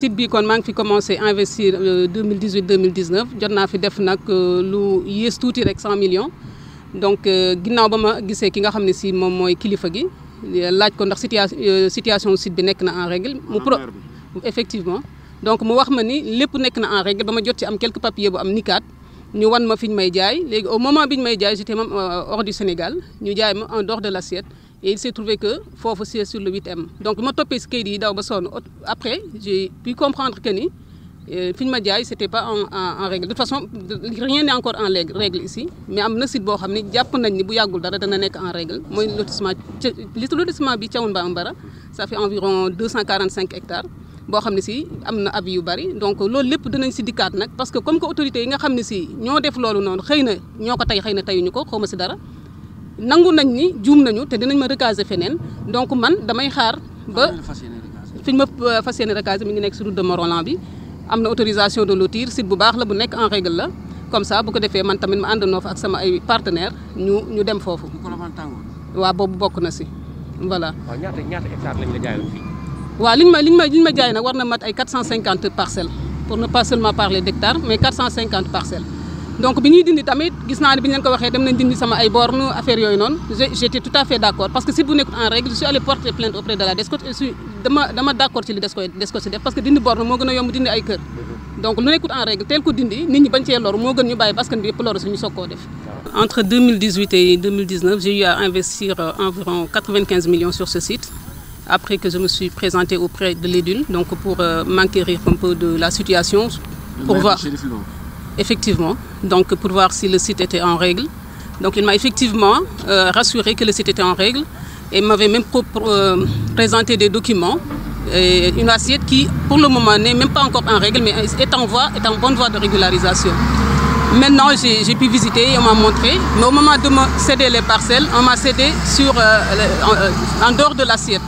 site bi kon maa ngi fi commencé investir 2018 euh, 2019 jot naa fi def nag euh, lu yées tuuti rek cent million donc euh, ginnaaw ba ma gisee ki nga xam ne si moom mooy kilifa gi laaj ko ndax situation situation site bi nekk na en règle mu pro effectivement donc mu wax ma ni lépp nekk na en règle ba ma jot ci am quelques papiers bu am nikaat ñu wan ma fi ñu may jaay léegi au moment bi ñu may jaay j'étais même hors du Sénégal ñu jaay ma en dehors de l'assiette et il s'est trouvé que foofu c'est sur le 8M donc bi ma toppee si kayit yi daw ba sonn après j'ai pu comprendre que ni euh, fi ñu ma jaay c'était pas en en en règle de toute façon rien n'est mais am na site boo xam ne jàpp nañ ni bu yàggul dara dana nekk en règle mooy lotissement lotissement bi Thiawoune Bambara ça fait environ 245 hectares boo xam ne si am na avis yu bari donc loolu lépp dinañ si dikkaat nag parce que comme que autorités yi nga xam ne si ñoo def loolu noonu xëy na ñoo ko tey xëy na teyuñu ko xaw ma si dara nangu nañ ni jum nañu te dinañ ma recaser feneen donc man damay xaar ba fi ñu ma euh, fas yéene recaser mu ngi nekk si route de Morolan bi am na autorisation de lotir site bu baax la bu nekk en règle la comme ça bu ko defee man tamit ma àndandoo fa ak sama ay partenaire ñu ñu dem foofu waaw boobu bokk na si voilà ñaata ñaata hectare lañ la jaayoon fii waaw liñ ma liñ ma jaay nag war na mat ay 450 parcelles pour ne pas parler d'hectares mais 450 parcelles donc bi ñuy dindi tamit gis naa ne bi ñu leen ko waxee dem nañ dindi sama ay borne affaire yooyu noonu j'étais tout à fait d'accord parce que si bu nekkul en règle je suis allée porter plainte auprès de la DSCOS je suis dama d'accord ci li DSCOS DSCOS def parce que dindi borne moo gën a yomb dindi ay kër donc lu nekkul en règle teel ko dindi nit ñi bañ cee moo gën ñu bàyyi baskan bi yëpp loru suñu soog koo def entre et 2019 j'ai eu investir euh, environ millions sur ce site après que je me suis présentée auprès effectivement, donc pour voir si le site était en règle. Donc il m'a effectivement euh, rassuré que le site était en règle et m'avait même euh, présenté des documents une assiette qui, pour le moment, n'est même pas encore en règle, mais est en bonne voie de régularisation. Maintenant, j'ai pu visiter on m'a montré, mais au moment de céder les parcelles, on m'a cédé sur, euh, euh, en, dehors de l'assiette.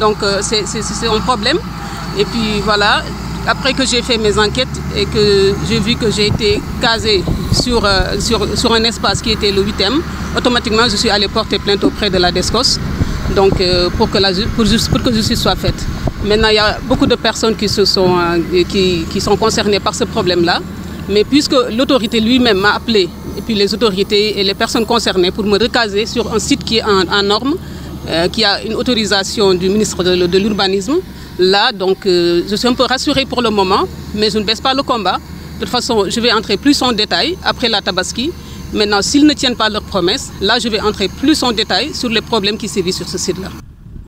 Donc c'est un problème. Et voilà, après que j'ai fait mes enquêtes et que j'ai vu que j'ai été casée sur, euh, sur, sur, un espace qui était le 8e, automatiquement je suis allée porter plainte auprès de la DESCOS donc, euh, pour, que la, pour, pour, que justice soit faite. Maintenant, il y a beaucoup de personnes qui, se sont, euh, qui, qui sont concernées par ce problème-là, mais puisque l'autorité lui-même m'a appelé, et puis les autorités et les personnes concernées pour me recaser sur un site qui est en, en norme, euh, qui a une autorisation du ministre de, de l'Urbanisme, Là, donc, euh, je suis un peu rassurée pour le moment, mais je ne baisse pas le combat. De toute façon, je vais entrer plus en détail après la Tabaski. Maintenant, s'ils ne tiennent pas leurs promesses, là, je vais entrer plus en détail sur les problèmes qui sévissent sur ce site-là.